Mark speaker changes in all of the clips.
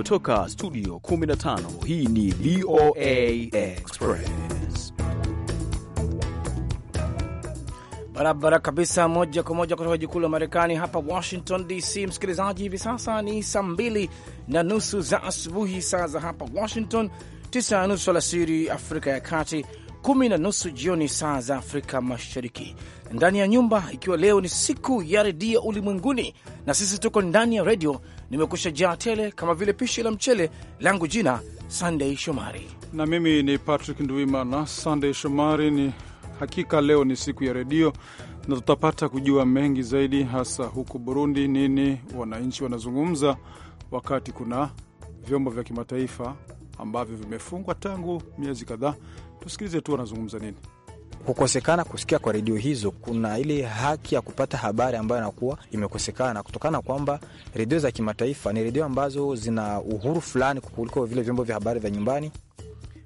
Speaker 1: Kutoka studio 15 hii ni VOA Express
Speaker 2: barabara kabisa, moja kwa moja kutoka jikuu la Marekani hapa Washington DC. Msikilizaji, hivi sasa ni saa mbili na nusu za asubuhi, saa za hapa Washington, tisa na nusu alasiri Afrika ya Kati, kumi na nusu jioni saa za Afrika Mashariki. Ndani ya nyumba, ikiwa leo ni siku ya redio ulimwenguni, na sisi tuko ndani ya redio nimekusha jaa tele kama vile pishi la mchele langu. Jina sandey Shomari
Speaker 3: na mimi ni Patrick Ndwimana. sandey Shomari ni hakika, leo ni siku ya redio na tutapata kujua mengi zaidi, hasa huku Burundi, nini wananchi wanazungumza, wakati kuna vyombo vya kimataifa ambavyo vimefungwa tangu miezi kadhaa. Tusikilize tu wanazungumza
Speaker 4: nini kukosekana kusikia kwa redio hizo, kuna ile haki ya kupata habari ambayo inakuwa imekosekana kutokana kwamba redio za kimataifa ni redio ambazo zina uhuru fulani kuliko vile vyombo vya habari vya nyumbani.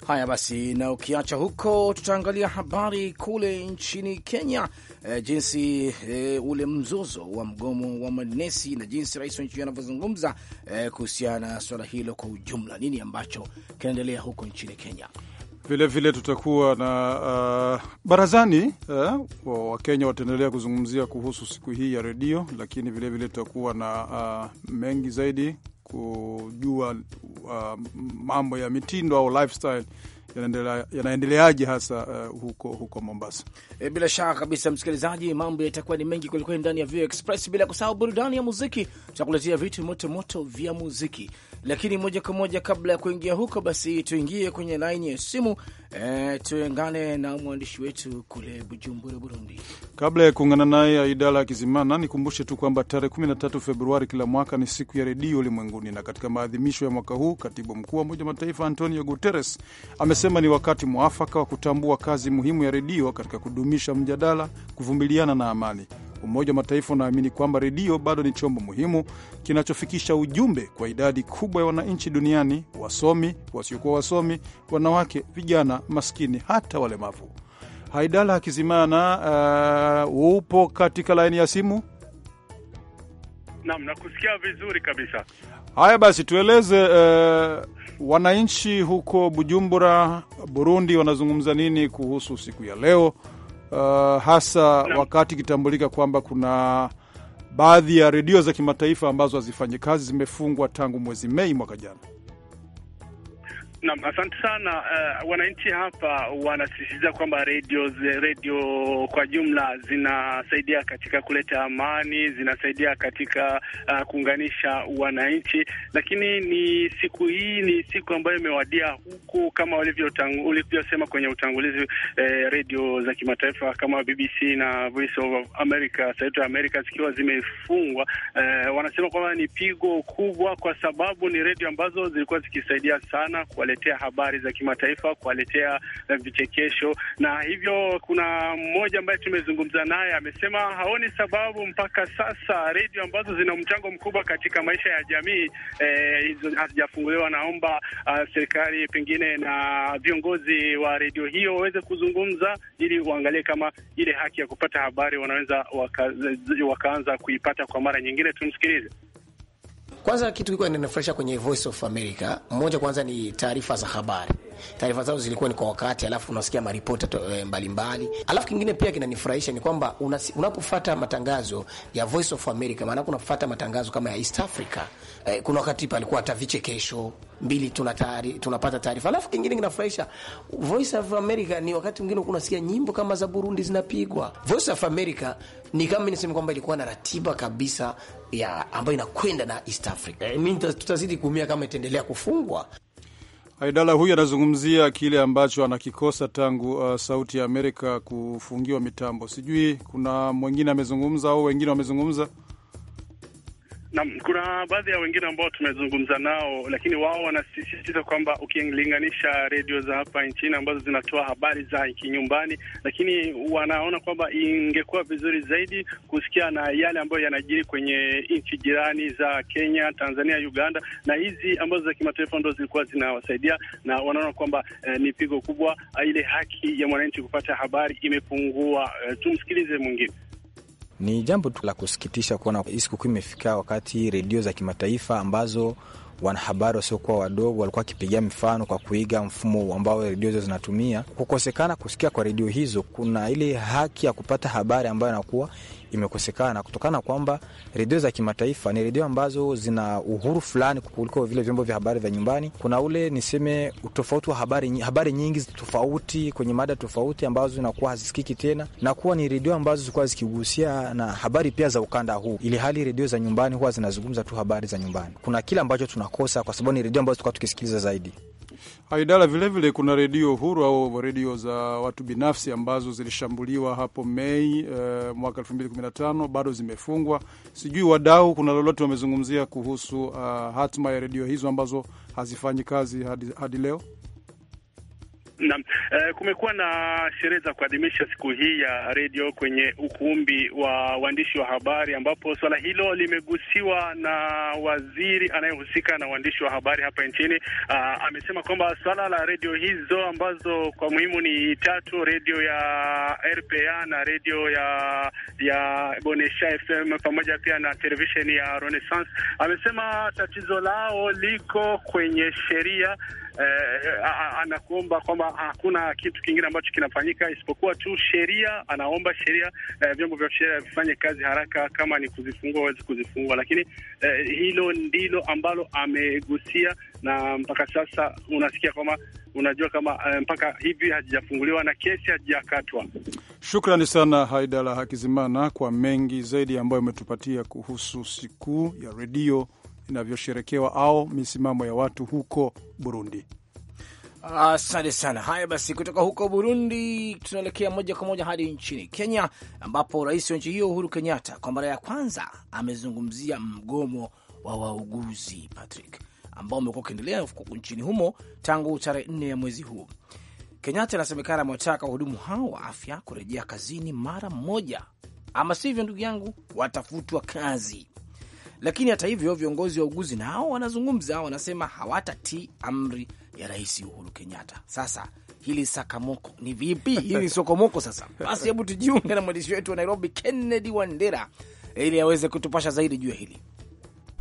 Speaker 2: Haya basi, na ukiacha huko, tutaangalia habari kule nchini Kenya, e, jinsi e, ule mzozo wa mgomo wa manesi na jinsi rais wa nchi hiyo anavyozungumza e, kuhusiana na swala hilo kwa ujumla, nini ambacho kinaendelea huko nchini Kenya.
Speaker 3: Vilevile vile tutakuwa na uh, barazani uh, Wakenya wataendelea kuzungumzia kuhusu siku hii ya redio, lakini vilevile vile tutakuwa na uh, mengi zaidi kujua uh, mambo ya mitindo au lifestyle
Speaker 2: yanaendeleaje hasa uh, huko huko Mombasa. E, bila shaka kabisa msikilizaji, mambo yatakuwa ni mengi kwelikweli ndani ya Vio Express, bila kusahau burudani ya muziki. Tutakuletea vitu motomoto vya muziki lakini moja kwa moja kabla ya kuingia huko, basi tuingie kwenye laini ya simu e, eh, tuengane na mwandishi wetu kule Bujumbura, Burundi.
Speaker 3: Kabla ya kuungana naye Aidala ya Kizimana, nikumbushe tu kwamba tarehe 13 Februari kila mwaka ni siku ya redio ulimwenguni, na katika maadhimisho ya mwaka huu katibu mkuu wa Umoja Mataifa Antonio Guterres amesema ni wakati mwafaka wa kutambua kazi muhimu ya redio katika kudumisha mjadala, kuvumiliana na amani. Umoja wa Mataifa unaamini kwamba redio bado ni chombo muhimu kinachofikisha ujumbe kwa idadi kubwa ya wananchi duniani: wasomi, wasiokuwa wasomi, wanawake, vijana, maskini, hata walemavu. Haidala Hakizimana, uh, upo katika laini ya simu?
Speaker 5: Naam, nakusikia vizuri kabisa.
Speaker 3: Haya basi, tueleze uh, wananchi huko Bujumbura, Burundi wanazungumza nini kuhusu siku ya leo uh, hasa wakati ikitambulika kwamba kuna baadhi ya redio za kimataifa ambazo hazifanyi kazi zimefungwa tangu mwezi Mei mwaka jana.
Speaker 5: Naam, asante sana. Uh, wananchi hapa wanasisitiza kwamba redio redio kwa jumla zinasaidia katika kuleta amani, zinasaidia katika uh, kuunganisha wananchi, lakini ni siku hii ni siku ambayo imewadia huku kama ulivyosema kwenye utangulizi eh, redio za kimataifa kama BBC na Voice of America, Sauti ya America zikiwa zimefungwa. Eh, wanasema kwamba ni pigo kubwa, kwa sababu ni redio ambazo zilikuwa zikisaidia sana kwa kuwaletea habari za kimataifa, kuwaletea eh, vichekesho, na hivyo kuna mmoja ambaye tumezungumza naye amesema haoni sababu mpaka sasa redio ambazo zina mchango mkubwa katika maisha ya jamii eh, hizo e, hazijafunguliwa. Naomba uh, serikali pengine na viongozi wa redio hiyo waweze kuzungumza ili waangalie kama ile haki ya kupata habari wanaweza waka, wakaanza kuipata kwa mara nyingine. Tumsikilize.
Speaker 2: Kwanza kitu kilikuwa inanifurahisha kwenye Voice of America, mmoja kwanza ni taarifa za habari, taarifa zao zilikuwa ni kwa wakati, alafu unasikia maripota eh, mbalimbali. Alafu kingine pia kinanifurahisha ni kwamba unapofuata matangazo ya Voice of America, maana unafuata matangazo kama ya East Africa, eh, kuna wakati palikuwa hata vichekesho mbili tunapata taarifa. Alafu kingine kinafurahisha Voice of America ni wakati mwingine kunasikia nyimbo kama za Burundi zinapigwa. Voice of America ni kama niseme kwamba ilikuwa na ratiba kabisa ya ambayo inakwenda na East Africa. E, eh, mean, tutazidi kuumia kama itaendelea kufungwa.
Speaker 3: Aidala huyu anazungumzia kile ambacho anakikosa tangu uh, Sauti ya Amerika kufungiwa mitambo. Sijui kuna mwengine amezungumza au wengine wamezungumza
Speaker 5: na kuna baadhi ya wengine ambao tumezungumza nao, lakini wao wanasisitiza kwamba ukilinganisha redio za hapa nchini ambazo zinatoa habari za kinyumbani, lakini wanaona kwamba ingekuwa vizuri zaidi kusikia na yale ambayo yanajiri kwenye nchi jirani za Kenya, Tanzania, Uganda na hizi ambazo za kimataifa ndo zilikuwa zinawasaidia, na wanaona kwamba eh, ni pigo kubwa, ah, ile haki ya mwananchi kupata habari imepungua. Eh, tumsikilize mwingine.
Speaker 4: Ni jambo tu la kusikitisha kuona hii sikukuu imefika wakati redio za kimataifa ambazo wanahabari wasiokuwa wadogo walikuwa wakipigia mfano kwa kuiga mfumo ambao redio hizo zinatumia. Kukosekana kusikia kwa redio hizo, kuna ile haki ya kupata habari ambayo inakuwa imekosekana kutokana kwamba redio za kimataifa ni redio ambazo zina uhuru fulani kuliko vile vyombo vya habari vya nyumbani. Kuna ule niseme utofauti wa habari, habari nyingi tofauti kwenye mada tofauti ambazo zinakuwa hazisikiki tena, na kuwa ni redio ambazo zilikuwa zikigusia na habari pia za ukanda huu, ili hali redio za nyumbani huwa zinazungumza tu habari za nyumbani. Kuna kile ambacho tunakosa kwa sababu ni redio ambazo tulikuwa tukisikiliza zaidi.
Speaker 3: Haidala, vilevile kuna redio huru au redio za watu binafsi ambazo zilishambuliwa hapo Mei e, mwaka tano bado zimefungwa. Sijui wadau, kuna lolote wamezungumzia kuhusu uh, hatima ya redio hizo ambazo hazifanyi kazi hadi, hadi leo?
Speaker 5: Naam, uh, kumekuwa na sherehe za kuadhimisha siku hii ya redio kwenye ukumbi wa waandishi wa habari ambapo swala hilo limegusiwa na waziri anayehusika na waandishi wa habari hapa nchini. Uh, amesema kwamba swala la redio hizo ambazo kwa muhimu ni tatu, redio ya RPA na redio ya ya Bonesha FM pamoja pia na televisheni ya Renaissance. Amesema tatizo lao liko kwenye sheria eh, anakuomba kwamba hakuna kitu kingine ambacho kinafanyika isipokuwa tu sheria. Anaomba sheria, eh, vyombo vya sheria vifanye kazi haraka, kama ni kuzifungua waweze kuzifungua, lakini eh, hilo ndilo ambalo amegusia, na mpaka sasa unasikia kwamba unajua kama eh, mpaka hivi hajijafunguliwa na kesi hajijakatwa.
Speaker 3: Shukrani sana Haidala Hakizimana kwa mengi zaidi ambayo umetupatia kuhusu siku ya redio inavyosherekewa au misimamo ya watu huko Burundi.
Speaker 2: Asante sana. Haya basi, kutoka huko Burundi tunaelekea moja kwa moja hadi nchini Kenya, ambapo rais wa nchi hiyo Uhuru Kenyatta kwa mara ya kwanza amezungumzia mgomo wa wauguzi Patrick, ambao umekuwa ukiendelea nchini humo tangu tarehe nne ya mwezi huu. Kenyatta anasemekana amewataka wahudumu hao wa afya kurejea kazini mara moja, ama sivyo, ndugu yangu, watafutwa kazi. Lakini hata hivyo viongozi wa uguzi nao wanazungumza, wanasema hawatatii amri ya Rais Uhuru Kenyatta. Sasa hili sakamoko ni vipi? Hili ni sokomoko sasa. Basi hebu tujiunge na mwandishi wetu wa Nairobi, Kennedy Wandera, ili aweze kutupasha zaidi juu ya hili.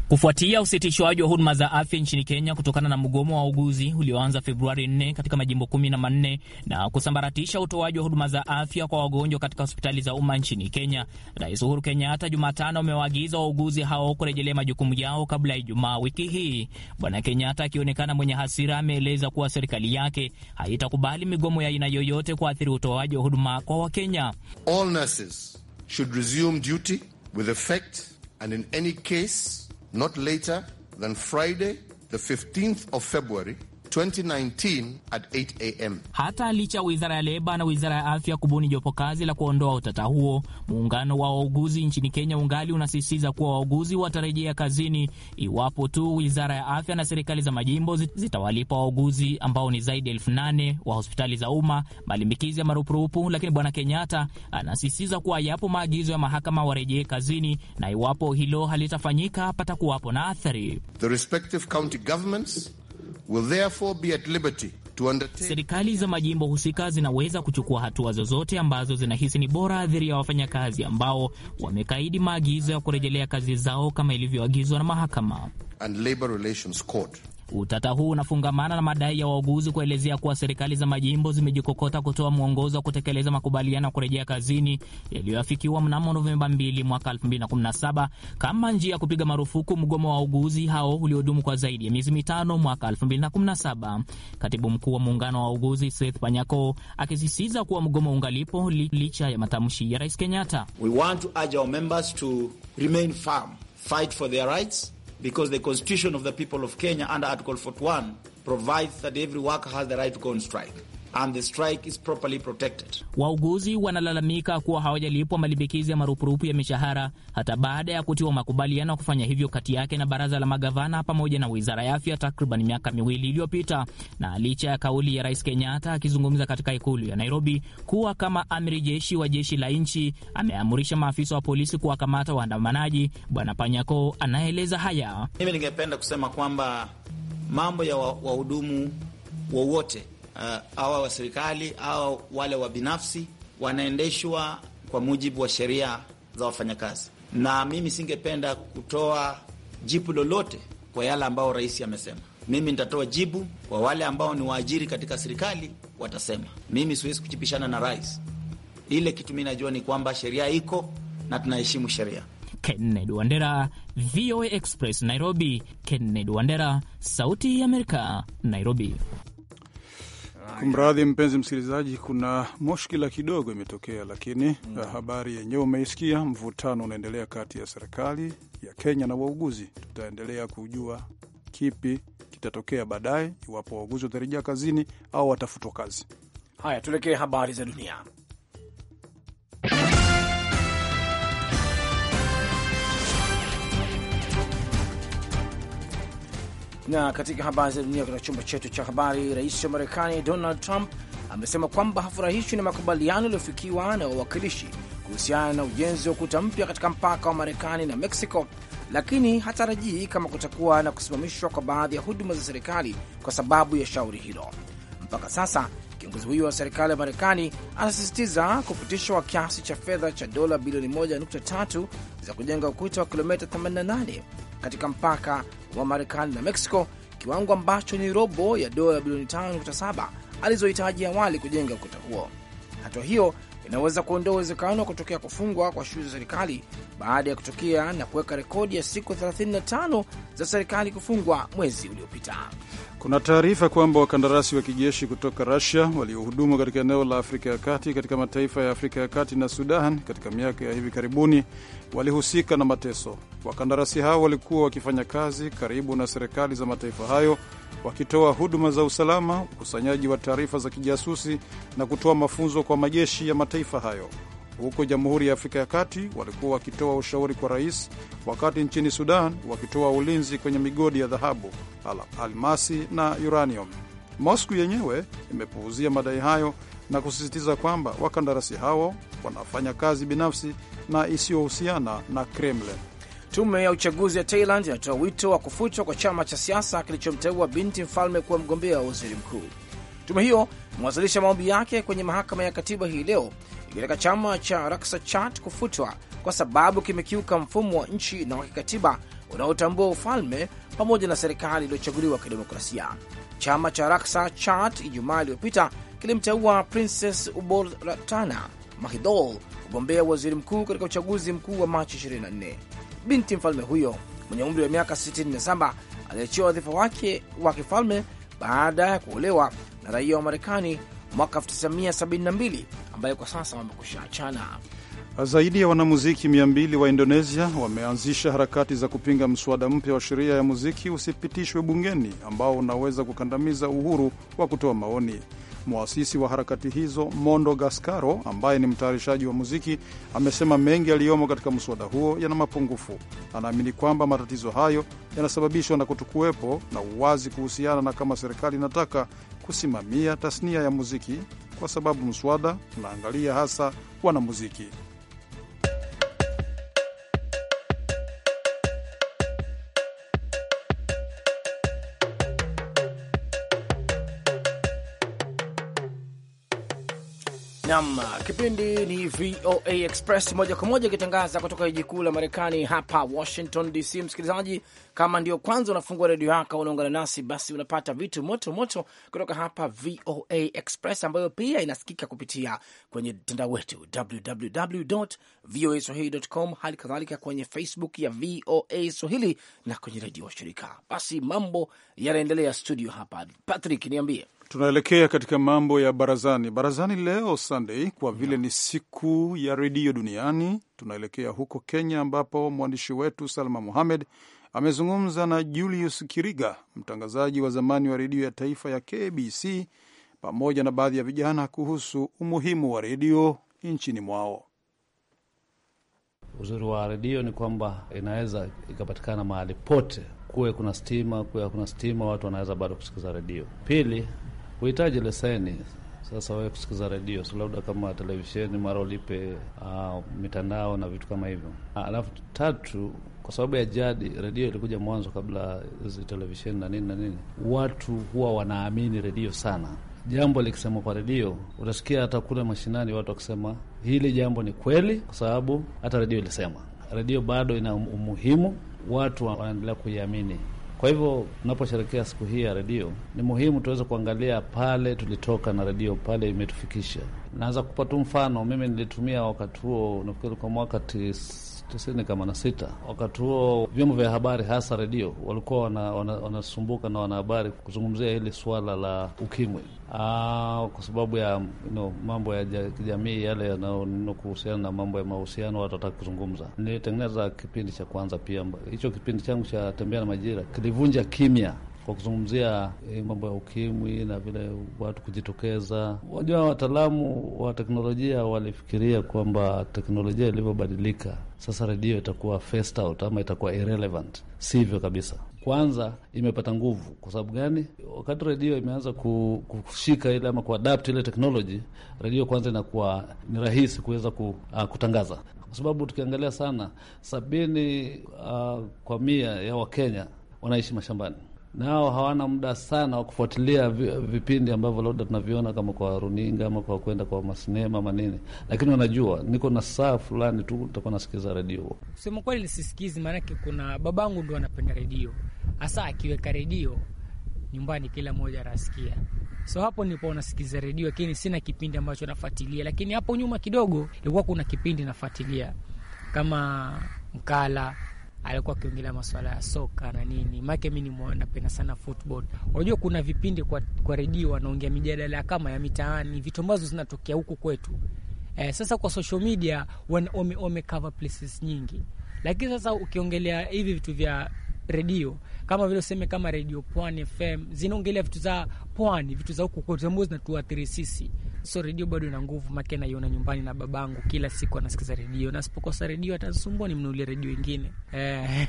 Speaker 6: Kufuatia usitishwaji wa huduma za afya nchini Kenya kutokana na mgomo wa uguzi ulioanza Februari 4 katika majimbo kumi na manne na kusambaratisha utoaji wa huduma za afya kwa wagonjwa katika hospitali za umma nchini Kenya, Rais Uhuru Kenyatta Jumatano amewaagiza wauguzi hao kurejelea majukumu yao kabla ya Ijumaa wiki hii. Bwana Kenyatta akionekana mwenye hasira, ameeleza kuwa serikali yake haitakubali migomo ya aina yoyote kuathiri utoaji wa huduma kwa Wakenya. All nurses
Speaker 2: should resume duty with effect and in any case not
Speaker 3: later
Speaker 6: than Friday, the 15th of February 2019 at 8 am. Hata licha ya wizara ya leba na wizara ya afya kubuni jopo kazi la kuondoa utata huo, muungano wa wauguzi nchini Kenya ungali unasisitiza kuwa wauguzi watarejea kazini iwapo tu wizara ya afya na serikali za majimbo zitawalipa wauguzi ambao ni zaidi ya elfu nane wa hospitali za umma malimbikizi ya marupurupu. Lakini bwana Kenyatta anasisitiza kuwa yapo maagizo ya mahakama warejee kazini, na iwapo hilo halitafanyika patakuwapo na athari. The
Speaker 3: respective county governments will therefore be at liberty to undertake...
Speaker 6: Serikali za majimbo husika zinaweza kuchukua hatua zozote ambazo zinahisi ni bora dhidi ya wafanyakazi ambao wamekaidi maagizo ya kurejelea kazi zao kama ilivyoagizwa na mahakama and Labor Relations Court. Utata huu unafungamana na madai ya wauguzi kuelezea kuwa serikali za majimbo zimejikokota kutoa mwongozo wa kutekeleza makubaliano ya kurejea kazini yaliyoafikiwa mnamo Novemba 2 mwaka 2017 kama njia ya kupiga marufuku mgomo wa wauguzi hao uliodumu kwa zaidi ya miezi mitano mwaka 2017. Katibu mkuu wa muungano wa wauguzi Seth Panyako akisisitiza kuwa mgomo ungalipo licha ya matamshi ya Rais Kenyatta.
Speaker 4: We want to urge our members to remain firm, fight for their rights because the constitution of the people of Kenya under Article 41 provides that every worker has the right to go on strike and the strike is properly protected.
Speaker 6: Wauguzi wanalalamika kuwa hawajalipwa malimbikizi ya marupurupu ya mishahara hata baada ya kutiwa makubaliano ya kufanya hivyo kati yake na baraza la magavana pamoja na wizara ya afya takriban miaka miwili iliyopita, na licha ya kauli ya Rais Kenyatta akizungumza katika ikulu ya Nairobi kuwa kama amiri jeshi wa jeshi la nchi ameamurisha maafisa wa polisi kuwakamata waandamanaji, Bwana Panyako anaeleza haya.
Speaker 4: Mimi ningependa kusema kwamba mambo ya wahudumu wa wowote Uh, awa wa serikali au wale wa binafsi, wanaendeshwa kwa mujibu wa sheria za wafanyakazi, na mimi singependa kutoa jibu lolote kwa yale ambao rais amesema. Mimi nitatoa jibu kwa wale ambao ni waajiri katika serikali watasema. Mimi siwezi kuchipishana na rais. Ile kitu mi najua ni kwamba sheria iko na tunaheshimu
Speaker 6: sheria. Kennedy Wandera, VOA Express, Nairobi. Kennedy Wandera, Sauti ya Amerika, Nairobi.
Speaker 3: Kumradhi mpenzi msikilizaji, kuna mushkila kidogo imetokea, lakini mm. Eh, habari yenyewe umeisikia. Mvutano unaendelea kati ya serikali ya Kenya na wauguzi. Tutaendelea kujua kipi kitatokea baadaye, iwapo wauguzi watarejea kazini au watafutwa kazi.
Speaker 2: Haya, tuelekee habari za dunia. Na katika habari za dunia katika chumba chetu cha habari, rais wa Marekani Donald Trump amesema kwamba hafurahishwi na makubaliano yaliyofikiwa na wawakilishi kuhusiana na ujenzi wa ukuta mpya katika mpaka wa Marekani na Meksiko, lakini hatarajii kama kutakuwa na kusimamishwa kwa baadhi ya huduma za serikali kwa sababu ya shauri hilo. Mpaka sasa kiongozi huyo wa serikali ya Marekani anasisitiza kupitishwa kwa kiasi cha fedha cha dola bilioni 1.3 za kujenga ukuta wa kilomita 88 katika mpaka wa Marekani na Mexico, kiwango ambacho ni robo ya dola bilioni 5.7 alizohitaji awali kujenga ukuta huo. Hatua hiyo inaweza kuondoa uwezekano wa kutokea kufungwa kwa shughuli za serikali baada ya kutokea na kuweka rekodi ya siku 35 za serikali kufungwa mwezi uliopita.
Speaker 3: Kuna taarifa kwamba wakandarasi wa kijeshi kutoka Rusia waliohudumu katika eneo la Afrika ya Kati katika mataifa ya Afrika ya Kati na Sudan katika miaka ya hivi karibuni walihusika na mateso. Wakandarasi hao walikuwa wakifanya kazi karibu na serikali za mataifa hayo, wakitoa huduma za usalama, ukusanyaji wa taarifa za kijasusi na kutoa mafunzo kwa majeshi ya mataifa hayo. Huko Jamhuri ya Afrika ya Kati walikuwa wakitoa ushauri kwa rais, wakati nchini Sudan wakitoa ulinzi kwenye migodi ya dhahabu, almasi na uranium. Mosku yenyewe imepuuzia madai hayo na kusisitiza kwamba wakandarasi hao wanafanya kazi binafsi
Speaker 2: na isiyohusiana na Kremlin. Tume ya uchaguzi ya Thailand inatoa wito wa kufutwa kwa chama cha siasa kilichomteua binti mfalme kuwa mgombea wa waziri mkuu. Tume hiyo imewasilisha maombi yake kwenye mahakama ya katiba hii leo bila chama cha chat kufutwa kwa sababu kimekiuka mfumo wa nchi na wa kikatiba unaotambua ufalme pamoja na serikali iliyochaguliwa kidemokrasia. Chama cha Raksa Chat Ijumaa iliyopita kilimteua Princess Ubor Ratana Mahidol kugombea waziri mkuu katika uchaguzi mkuu wa Machi 24. Binti mfalme huyo mwenye umri wa miaka 67 aliachiwa wadhifa wake wa kifalme baada ya kuolewa na raia wa Marekani mwaka 1972 ambayo kwa sasa wamekusha achana.
Speaker 3: Zaidi ya wanamuziki 200 wa Indonesia wameanzisha harakati za kupinga mswada mpya wa sheria ya muziki usipitishwe bungeni ambao unaweza kukandamiza uhuru wa kutoa maoni. Mwasisi wa harakati hizo Mondo Gascaro, ambaye ni mtayarishaji wa muziki, amesema mengi yaliyomo katika mswada huo yana mapungufu. Anaamini kwamba matatizo hayo yanasababishwa na kutokuwepo na uwazi kuhusiana na kama serikali inataka kusimamia tasnia ya muziki, kwa sababu mswada unaangalia hasa wanamuziki.
Speaker 2: Nam, kipindi ni VOA Express moja kwa moja ikitangaza kutoka jiji kuu la Marekani hapa Washington DC. Msikilizaji, kama ndio kwanza unafungua redio yako unaungana nasi, basi unapata vitu moto moto kutoka hapa VOA Express ambayo pia inasikika kupitia kwenye mtandao wetu www voa swahili.com, hali kadhalika kwenye Facebook ya VOA Swahili na kwenye redio washirika. Basi mambo yanaendelea studio hapa. Patrick, niambie
Speaker 3: Tunaelekea katika mambo ya barazani. Barazani leo Sunday, kwa vile yeah, ni siku ya redio duniani, tunaelekea huko Kenya ambapo mwandishi wetu Salma muhamed amezungumza na Julius Kiriga, mtangazaji wa zamani wa redio ya taifa ya KBC, pamoja na baadhi ya vijana kuhusu umuhimu wa redio nchini mwao.
Speaker 7: Uzuri wa redio ni kwamba inaweza ikapatikana mahali pote, kuwe kuna stima, kuwe hakuna stima, watu wanaweza bado kusikiza redio. Pili, Huhitaji leseni sasa wewe kusikiza redio, so labda kama televisheni, mara ulipe uh, mitandao na vitu kama hivyo. Alafu tatu, kwa sababu ya jadi, redio ilikuja mwanzo kabla hizi televisheni na nini na nini. Watu huwa wanaamini redio sana. Jambo likisema kwa redio, utasikia hata kule mashinani watu wakisema hili jambo ni kweli, kwa sababu hata redio ilisema. Redio bado ina umuhimu, watu wanaendelea kuiamini. Kwa hivyo tunaposherekea siku hii ya redio, ni muhimu tuweze kuangalia pale tulitoka na redio pale imetufikisha Naweza kupa tu mfano, mimi nilitumia wakati huo, nafikiri kwa mwaka tisini kama na sita. Wakati huo vyombo vya habari hasa redio walikuwa wanasumbuka wana, wana na wanahabari kuzungumzia hili suala la ukimwi ah, kwa sababu ya you know, mambo ya kijamii yale kuhusiana na mambo ya mahusiano, watu wataki kuzungumza. Nilitengeneza kipindi cha kwanza pia, hicho kipindi changu cha Tembea na Majira kilivunja kimya kwa kuzungumzia eh, mambo ya ukimwi na vile watu kujitokeza. wajua wataalamu wa teknolojia walifikiria kwamba teknolojia ilivyobadilika sasa redio itakuwa phased out ama itakuwa irrelevant. hivyo kabisa. Kwanza imepata nguvu. Kwa sababu gani? Wakati redio imeanza kushika ile ama kuadapt ile teknoloji, redio kwanza inakuwa ni rahisi kuweza ku, uh, kutangaza, kwa sababu tukiangalia sana sabini uh, kwa mia ya Wakenya wanaishi mashambani nao hawana muda sana wa kufuatilia vipindi ambavyo labda tunaviona kama kwa runinga ama kwa kwenda kwa masinema manini, lakini wanajua niko na saa fulani tu nitakuwa nasikiza redio.
Speaker 6: Kusema kweli nisisikizi, maanake kuna babangu ndo anapenda redio, hasa akiweka redio nyumbani kila mmoja anasikia. So hapo nilipo nasikiza redio, lakini sina kipindi ambacho nafuatilia. Lakini hapo nyuma kidogo ilikuwa kuna kipindi nafuatilia kama Mkala alikuwa akiongelea masuala ya soka na nini, make mi napenda sana football. Unajua kuna vipindi kwa, kwa redio wanaongea mijadala kama ya mitaani, vitu ambazo zinatokea huku kwetu. Eh, sasa kwa social media wamekava places nyingi, lakini sasa ukiongelea hivi vitu vya redio kama vile useme kama Radio Pwani FM zinaongelea vitu za pwani, vitu za huku kwetu ambazo zinatuathiri sisi. So redio bado ina nguvu, make naiona nyumbani na babangu, kila siku anasikiza redio, na sipokosa redio ni nimnunulie redio ingine. Eh.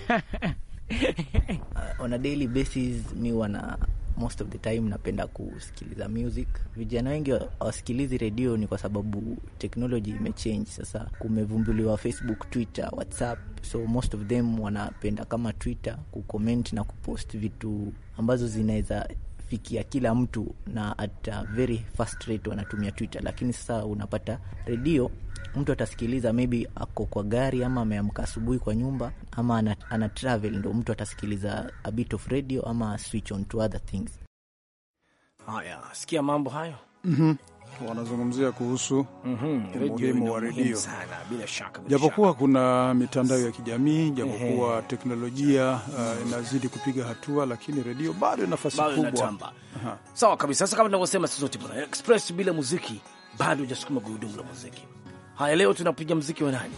Speaker 6: On a daily basis mi wana most of the time napenda kusikiliza music. Vijana wengi wasikilizi redio ni kwa sababu teknoloji imechange sasa, kumevumbuliwa Facebook, Twitter, WhatsApp, so most of them wanapenda kama Twitter kucomment na kupost vitu ambazo zinaweza fikia kila mtu na at very fast rate wanatumia Twitter, lakini sasa unapata redio mtu atasikiliza maybe ako kwa gari ama ameamka asubuhi kwa nyumba ama ana, ana travel ndo mtu atasikiliza a bit of radio ama switch on to other things.
Speaker 2: Haya, sikia mambo hayo.
Speaker 1: mm
Speaker 6: -hmm
Speaker 2: wanazungumzia kuhusu mhm,
Speaker 6: umuhimu wa redio,
Speaker 5: japokuwa
Speaker 3: kuna mitandao ya kijamii, japokuwa teknolojia uh, mhm. inazidi kupiga
Speaker 2: hatua, lakini redio bado nafasi kubwa. Sawa kabisa. Sasa kama tunavyosema sisi bwana Express, bila muziki bado hujasukuma gurudumu la muziki. Haya, leo tunapiga muziki wa nani?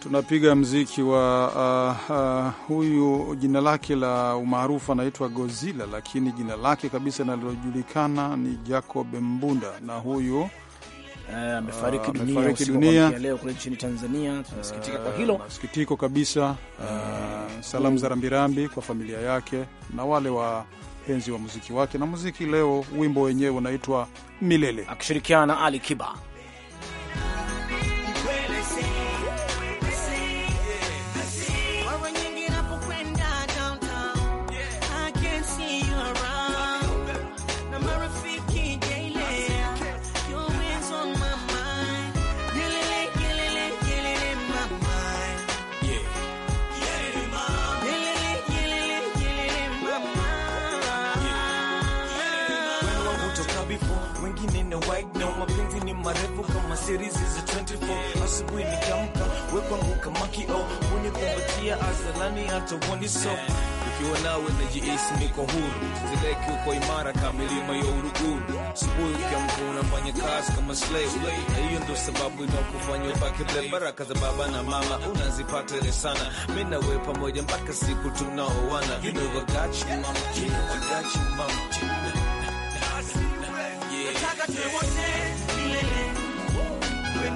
Speaker 3: tunapiga mziki wa uh, uh, huyu jina lake la umaarufu anaitwa Godzilla, lakini jina lake kabisa linalojulikana ni Jacob Mbunda,
Speaker 2: na huyu uh,
Speaker 3: amefariki uh, dunia, dunia.
Speaker 2: Leo kule nchini Tanzania tunasikitika uh, kwa hilo, uh,
Speaker 3: sikitiko kabisa uh, salamu za rambirambi kwa familia yake na wale wapenzi wa muziki wake na muziki. Leo wimbo wenyewe unaitwa Milele
Speaker 2: akishirikiana na Ali Kiba.
Speaker 1: mapenzi ni marefu kama series za 24. Asubuhi nikiamka wewe kwangu kama kioo, unikumbatia azalani hata waniso ukiwa nawe najihisi niko huru, zileki uko imara kama milima ya Uruguru. Asubuhi ukiamka unafanya kazi kama slave, na hiyo ndo sababu inakufanya ubaki mbele. Baraka za baba na mama unazipata ile sana, mimi na wewe pamoja mpaka siku tunaoana. You know I got you mama, you know I got you mama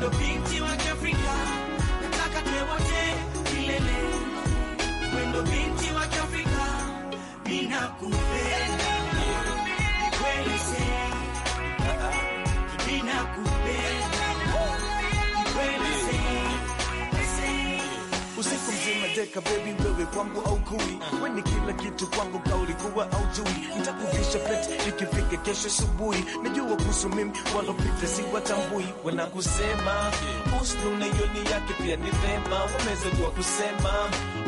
Speaker 1: ndo binti wa Kiafrika, nataka tuwe wote milele, wendo binti wa Kiafrika, mina kupenda siku mzima deka baby, wewe kwangu au kui we ni kila kitu kwangu, kauli kuwa au jui, nitakuvisha plate ikifika kesho asubuhi. Najua kuhusu mimi walopita si watambui, wanakusema usnu na yoni yake pia ni vema, wameweza kuwa kusema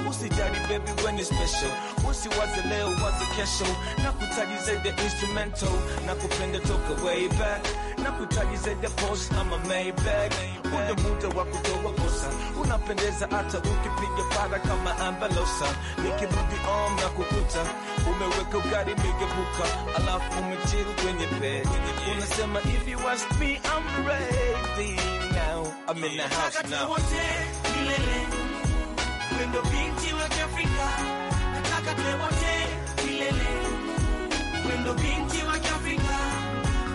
Speaker 1: Pussy daddy baby when you special Pussy wazi leo wazi kesho Nakutaji zaidi instrumental Nakupenda toka way back Nakutaji zaidi post ama Maybach Ule muda wa kutoa kosa Unapendeza hata ukipiga para kama ambalosa Nikirudi om na kukuta Umeweka ugari migebuka Alafu umechiru kwenye bed Unasema if you ask me I'm ready now I'm in the house now milele Wendo binti wa Afrika, nataka tuwe wote milele. Wewe binti wa Afrika,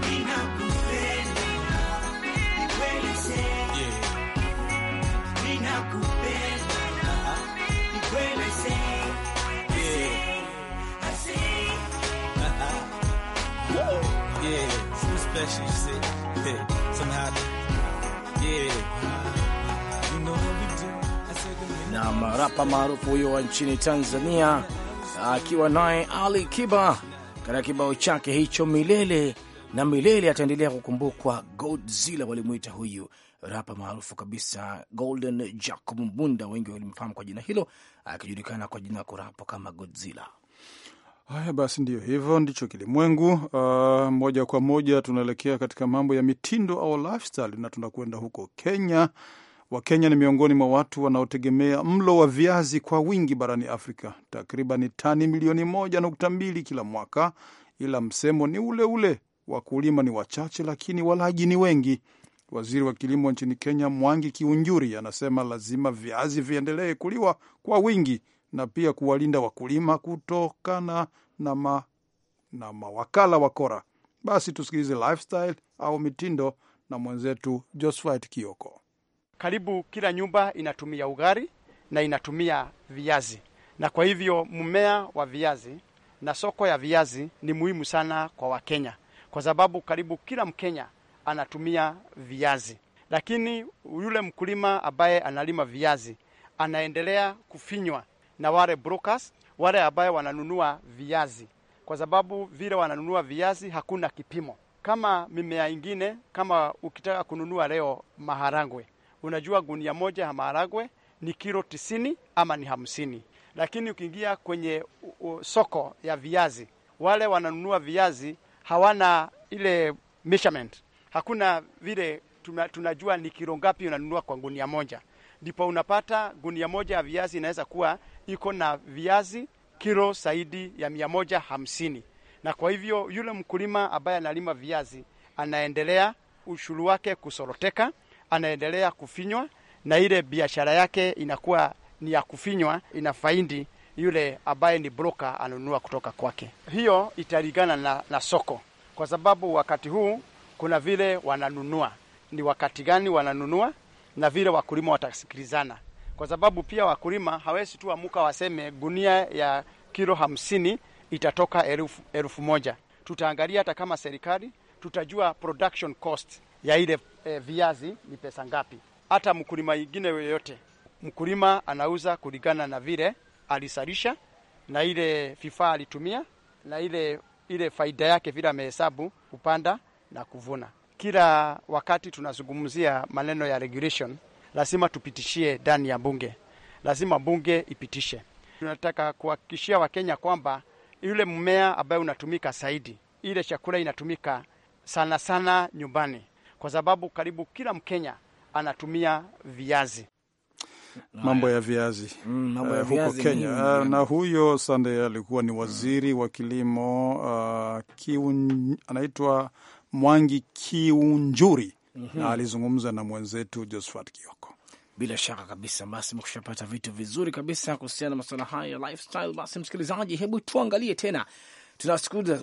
Speaker 1: ninakupenda. Yeah, some special, shit. see.
Speaker 2: rapa maarufu huyo wa nchini Tanzania, akiwa naye Ali Kiba katika kibao chake hicho milele na milele. Ataendelea kukumbukwa. Godzilla walimwita huyu rapa maarufu kabisa, Golden Jacob Mbunda, wengi walimfahamu kwa jina hilo, akijulikana kwa jina la kurapo kama Godzilla.
Speaker 3: Haya basi, ndiyo hivyo, ndicho kilimwengu. Uh, moja kwa moja tunaelekea katika mambo ya mitindo au lifestyle, na tunakwenda huko Kenya Wakenya ni miongoni mwa watu wanaotegemea mlo wa viazi kwa wingi barani Afrika, takriban tani milioni moja nukta mbili kila mwaka, ila msemo ni ule ule, wakulima ni wachache lakini walaji ni wengi. Waziri wa kilimo nchini Kenya, Mwangi Kiunjuri, anasema lazima viazi viendelee kuliwa kwa wingi na pia kuwalinda wakulima kutokana na, ma, na mawakala wakora. Basi tusikilize lifestyle au mitindo na mwenzetu Josphat Kioko
Speaker 8: karibu kila nyumba inatumia ugali na inatumia viazi, na kwa hivyo mmea wa viazi na soko ya viazi ni muhimu sana kwa Wakenya kwa sababu karibu kila Mkenya anatumia viazi, lakini yule mkulima ambaye analima viazi anaendelea kufinywa na wale brokers, wale ambaye wananunua viazi, kwa sababu vile wananunua viazi hakuna kipimo kama mimea ingine. Kama ukitaka kununua leo maharagwe unajua gunia moja ya maharagwe ni kilo tisini ama ni hamsini, lakini ukiingia kwenye soko ya viazi, wale wananunua viazi hawana ile measurement, hakuna vile tunajua ni kilo ngapi unanunua kwa gunia moja. Ndipo unapata gunia moja ya viazi inaweza kuwa iko na viazi kilo zaidi ya mia moja hamsini, na kwa hivyo yule mkulima ambaye analima viazi anaendelea ushuru wake kusoroteka anaendelea kufinywa na ile biashara yake inakuwa ni ya kufinywa, ina faindi yule ambaye ni broker anunua kutoka kwake. Hiyo italingana na, na soko, kwa sababu wakati huu kuna vile wananunua ni wakati gani wananunua na vile wakulima watasikilizana, kwa sababu pia wakulima hawezi tu amuka waseme gunia ya kilo hamsini itatoka elfu, elfu moja. Tutaangalia hata kama serikali tutajua production cost ya ile e, viazi ni pesa ngapi. Hata mkulima mwingine yoyote, mkulima anauza kulingana na vile alisalisha na ile vifaa alitumia na ile ile faida yake vile amehesabu kupanda na kuvuna. Kila wakati tunazungumzia maneno ya regulation, lazima tupitishie ndani ya bunge, lazima bunge ipitishe. Tunataka kuhakikishia Wakenya kwamba yule mmea ambaye unatumika zaidi, ile chakula inatumika sana sana nyumbani, kwa sababu karibu kila Mkenya anatumia viazi.
Speaker 3: Mambo ya viazi, mm, mambo eh, ya uh, viazi huko Kenya mm, na huyo Sande alikuwa ni waziri mm, wa kilimo uh, kiun, anaitwa Mwangi Kiunjuri mm -hmm. na mhm. alizungumza na mwenzetu Josephat Kioko. Bila shaka kabisa,
Speaker 2: basi mekushapata vitu vizuri kabisa kuhusiana na masuala haya ya lifestyle. Basi msikilizaji, hebu tuangalie tena tuna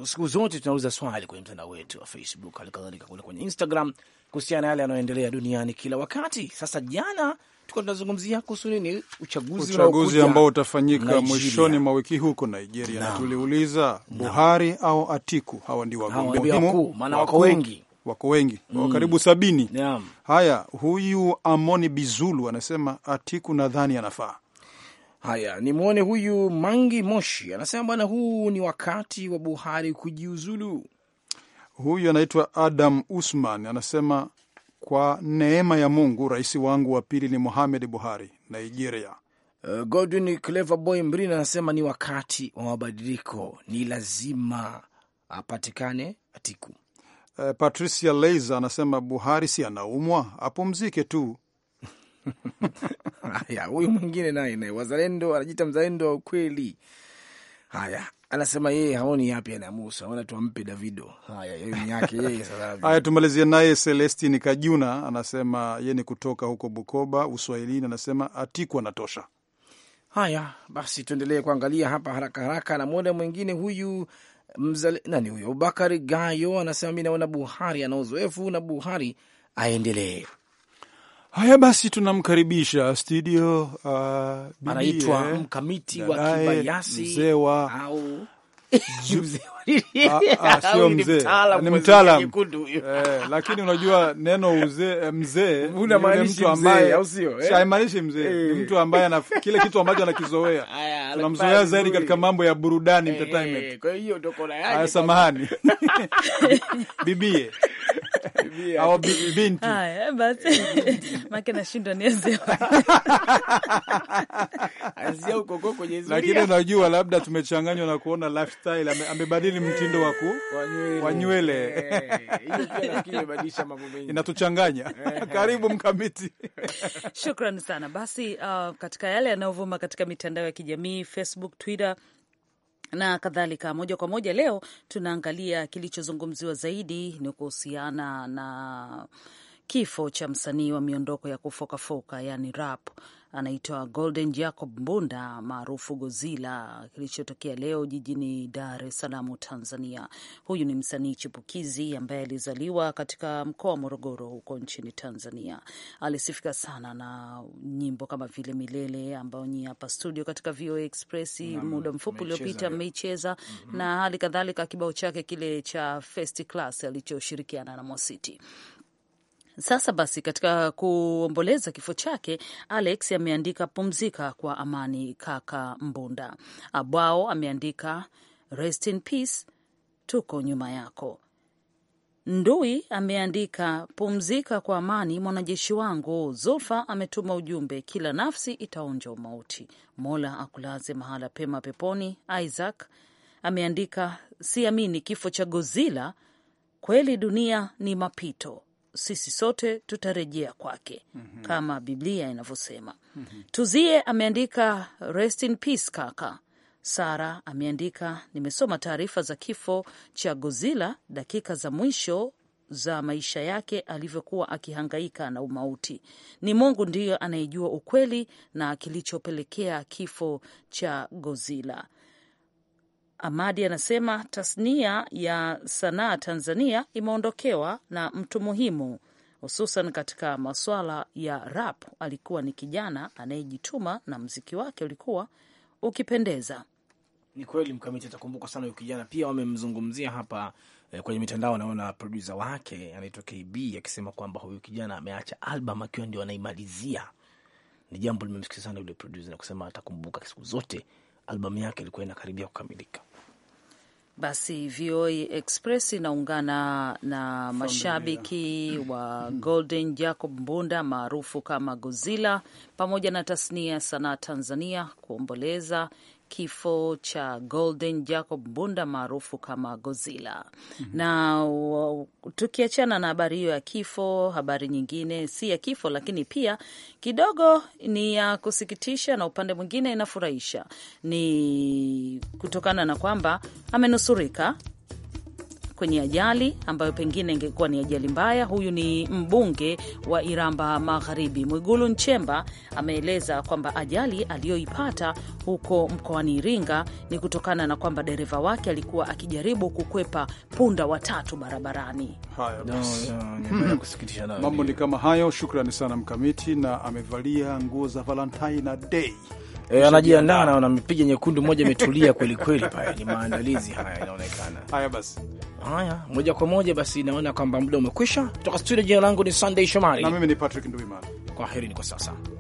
Speaker 2: siku zote tunauza swali kwenye mtandao wetu wa Facebook, halikadhalika kule kwenye Instagram kuhusiana na yale yanayoendelea duniani kila wakati. Sasa jana tuko tunazungumzia kuhusu nini? Uchaguzi, uchaguzi
Speaker 3: ambao utafanyika mwishoni mwa wiki huko Nigeria, na tuliuliza Buhari au Atiku, hawa ndio wagombea wakuu, maana wako wengi wako wengi mm. karibu sabini. Naam. Haya, huyu Amoni Bizulu anasema Atiku
Speaker 2: nadhani anafaa Haya, nimwone huyu Mangi Moshi anasema, bwana, huu ni wakati wa Buhari kujiuzulu. Huyu anaitwa Adam Usman
Speaker 3: anasema, kwa neema ya Mungu, rais wangu wa pili ni muhamed Buhari,
Speaker 2: Nigeria. Uh, Godwin Boy Mbrin anasema ni wakati wa mabadiliko, ni lazima apatikane Atiku. Uh, Patricia Leiza
Speaker 3: anasema Buhari si anaumwa, apumzike tu Haya,
Speaker 2: huyu mwingine naye naye wazalendo, anajita mzalendo wa ukweli. Haya, anasema yeye haoni yapi anamusa, wala tuampe Davido. Haya, yeye yake yeye Haya,
Speaker 3: tumalizie naye Celestin Kajuna, anasema yeye ni kutoka huko Bukoba Uswahilini, anasema Atiku anatosha.
Speaker 2: Haya basi, tuendelee kuangalia hapa haraka haraka, na muda mwingine huyu mzali, nani huyo Bakari Gayo anasema mi naona Buhari ana uzoefu na Buhari aendelee.
Speaker 3: Haya basi, tunamkaribisha studio
Speaker 5: uh, anaitwa mkamiti wa kibayasi wa ah, ah,
Speaker 3: au
Speaker 4: sio
Speaker 5: mzee, ni mtaalam
Speaker 3: eh, lakini unajua neno uzee, eh, mzee mtu ambaye eh? haimaanishi mzee, ni mtu ambaye ana kile kitu ambacho anakizoea. Tunamzoea zaidi katika mambo ya burudani, entertainment. Samahani bibie
Speaker 9: au binti. Haya eh, basi, make nashindwa anzia huko huko kwenye lakini
Speaker 3: unajua labda tumechanganywa na kuona lifestyle, amebadili mtindo wa wa nywele, eh, inatuchanganya eh, karibu
Speaker 9: mkamiti. Shukran sana basi. Uh, katika yale yanayovuma katika mitandao ya kijamii Facebook, Twitter na kadhalika. Moja kwa moja, leo tunaangalia kilichozungumziwa zaidi ni kuhusiana na kifo cha msanii wa miondoko ya kufokafoka, yani rap anaitwa Golden Jacob Mbunda maarufu Gozila, kilichotokea leo jijini Dar es Salaam, Tanzania. Huyu ni msanii chipukizi ambaye alizaliwa katika mkoa wa Morogoro huko nchini Tanzania. Alisifika sana na nyimbo kama vile Milele ambayo nyi hapa studio katika VOA Express muda mfupi uliopita mmeicheza mm -hmm. na hali kadhalika kibao chake kile cha First Class alichoshirikiana na mwasiti sasa basi, katika kuomboleza kifo chake, Alex ameandika pumzika kwa amani kaka Mbunda. Abwao ameandika rest in peace, tuko nyuma yako. Ndui ameandika pumzika kwa amani, mwanajeshi wangu. Zulfa ametuma ujumbe, kila nafsi itaonja umauti, Mola akulaze mahala pema peponi. Isaac ameandika siamini kifo cha Godzilla, kweli dunia ni mapito sisi sote tutarejea kwake mm -hmm. kama Biblia inavyosema mm -hmm. Tuzie ameandika rest in peace kaka. Sara ameandika nimesoma taarifa za kifo cha Godzilla dakika za mwisho za maisha yake alivyokuwa akihangaika na umauti. Ni Mungu ndiyo anayejua ukweli na kilichopelekea kifo cha Godzilla. Amadi anasema tasnia ya sanaa Tanzania imeondokewa na mtu muhimu, hususan katika maswala ya rap. Alikuwa ni kijana anayejituma na mziki wake ulikuwa ukipendeza. Ni kweli Mkamiti atakumbuka
Speaker 2: sana huyu kijana. Pia wamemzungumzia hapa eh, kwenye mitandao. Naona produsa wake anaitwa KB akisema kwamba huyu kijana ameacha albam akiwa ndio anaimalizia. Ni jambo limemsikia sana yule produsa na kusema atakumbuka siku zote albamu yake ilikuwa inakaribia kukamilika.
Speaker 9: Basi VOA Express inaungana na mashabiki wa Golden Jacob Mbunda maarufu kama Gozila pamoja na tasnia ya sanaa Tanzania kuomboleza kifo cha Golden Jacob Bunda maarufu kama Godzilla. mm -hmm. Na tukiachana na habari hiyo ya kifo, habari nyingine si ya kifo, lakini pia kidogo ni ya kusikitisha na upande mwingine inafurahisha, ni kutokana na kwamba amenusurika kwenye ajali ambayo pengine ingekuwa ni ajali mbaya. Huyu ni mbunge wa Iramba Magharibi, Mwigulu Nchemba, ameeleza kwamba ajali aliyoipata huko mkoani Iringa ni kutokana na kwamba dereva wake alikuwa akijaribu kukwepa punda watatu barabarani. Haya basi,
Speaker 3: mambo ni kama hayo. Shukrani sana Mkamiti, na amevalia nguo za Valentine
Speaker 2: Day. E, eh, anajiandaa na anampiga nyekundu moja imetulia kweli kweli pale. Ni maandalizi haya inaonekana. Haya basi. Haya, moja kwa moja basi naona kwamba muda umekwisha. Kutoka studio, jina langu ni Sunday Shomari. Na mimi ni Patrick Nduimana. Kwaheri ni kwa sasa.